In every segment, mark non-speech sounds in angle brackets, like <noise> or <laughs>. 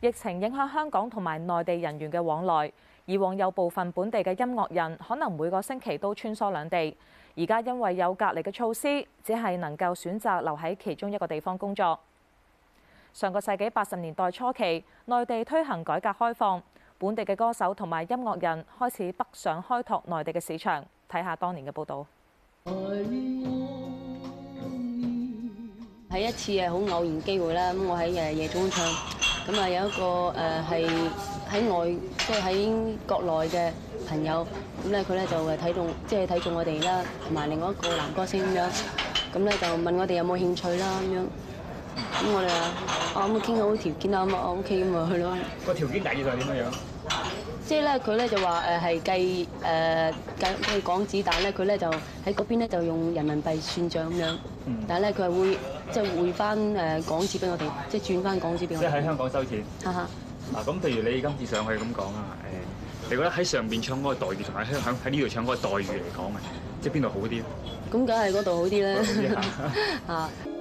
疫情影響香港同埋內地人員嘅往來，以往有部分本地嘅音樂人可能每個星期都穿梭兩地，而家因為有隔離嘅措施，只係能夠選擇留喺其中一個地方工作。上個世紀八十年代初期，內地推行改革開放，本地嘅歌手同埋音樂人開始北上開拓內地嘅市場。睇下當年嘅報導。係一次係好偶然機會啦，咁我喺誒夜中唱。咁啊有一個誒係喺外即係喺國內嘅朋友，咁咧佢咧就誒睇中，即係睇中我哋啦，同埋另外一個男歌星咁樣，咁咧就問我哋有冇興趣啦咁樣，咁我哋話啊咁啊，傾好條件啊咁啊 OK 咁啊去咯。個條件大致就係點樣樣？即係咧佢咧就話誒係計誒計港紙，但係咧，佢咧就喺嗰邊咧就用人民幣算賬咁樣。嗯、但係咧，佢係會、即係回回即係、回即係換翻誒港紙俾我哋，即係轉翻港紙俾我。即係喺香港收錢。哈哈、啊。嗱、啊，咁譬如你今次上去咁講啊，誒、欸，你覺得喺上邊唱歌嘅待遇，同喺喺喺呢度唱歌嘅待遇嚟講啊，即係邊度好啲？咁梗係嗰度好啲啦。啊！ <laughs> <laughs>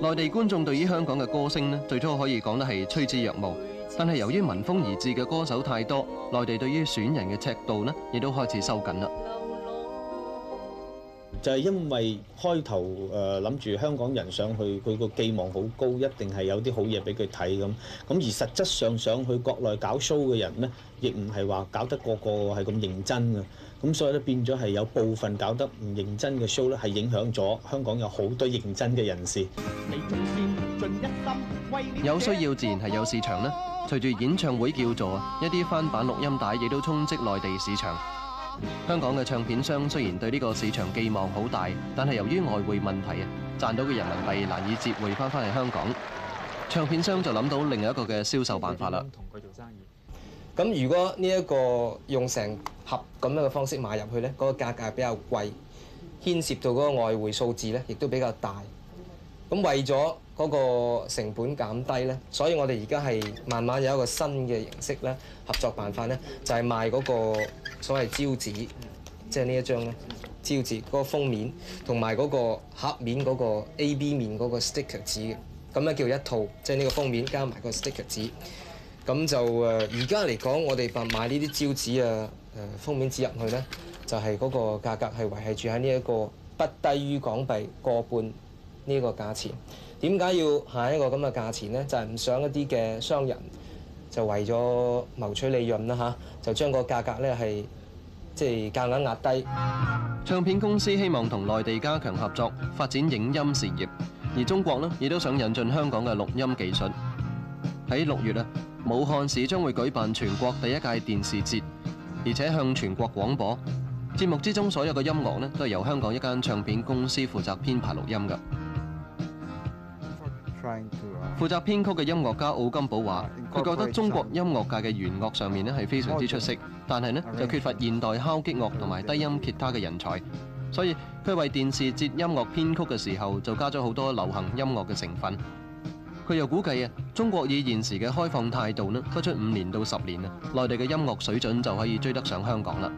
內地觀眾對於香港嘅歌星呢，最初可以講得係趨之若鶩。但係由於聞風而至嘅歌手太多，內地對於選人嘅尺度呢，亦都開始收緊啦。就係因為開頭誒諗住香港人上去，佢個寄望好高，一定係有啲好嘢俾佢睇咁。咁而實質上上去國內搞 show 嘅人咧，亦唔係話搞得個個係咁認真嘅。咁所以咧變咗係有部分搞得唔認真嘅 show 咧，係影響咗香港有好多認真嘅人士。有需要自然係有市場啦。隨住演唱會叫座，一啲翻版錄音帶亦都充斥內地市場。香港嘅唱片商雖然對呢個市場寄望好大，但係由於外匯問題啊，賺到嘅人民幣難以折回翻翻嚟香港，唱片商就諗到另一個嘅銷售辦法啦。咁如果呢一個用成盒咁樣嘅方式買入去呢，嗰個價格比較貴，牽涉到嗰個外匯數字呢亦都比較大。咁為咗嗰個成本減低咧，所以我哋而家係慢慢有一個新嘅形式咧，合作辦法咧，就係、是、賣嗰個所謂招紙，即係呢一張咧招紙嗰、那個封面同埋嗰個盒面嗰個 A B 面嗰個 sticker 紙嘅咁咧叫一套，即係呢個封面加埋個 sticker 紙咁就誒。而家嚟講，我哋販賣呢啲招紙啊誒、呃、封面紙入去咧，就係、是、嗰個價格係維係住喺呢一個不低於港幣個半呢個價錢。點解要下一個咁嘅價錢呢？就係唔想一啲嘅商人就為咗謀取利潤啦嚇，就將個價格呢係即係價位壓低。唱片公司希望同內地加強合作，發展影音事業。而中國呢，亦都想引進香港嘅錄音技術。喺六月啊，武漢市將會舉辦全國第一屆電視節，而且向全國廣播節目之中所有嘅音樂呢，都係由香港一間唱片公司負責編排錄音㗎。負責編曲嘅音樂家奧金寶話，佢覺得中國音樂界嘅弦樂上面咧係非常之出色，但係咧就缺乏現代敲擊樂同埋低音吉他嘅人才，所以佢為電視節音樂編曲嘅時候就加咗好多流行音樂嘅成分。佢又估計啊，中國以現時嘅開放態度不出五年到十年啊，內地嘅音樂水準就可以追得上香港啦。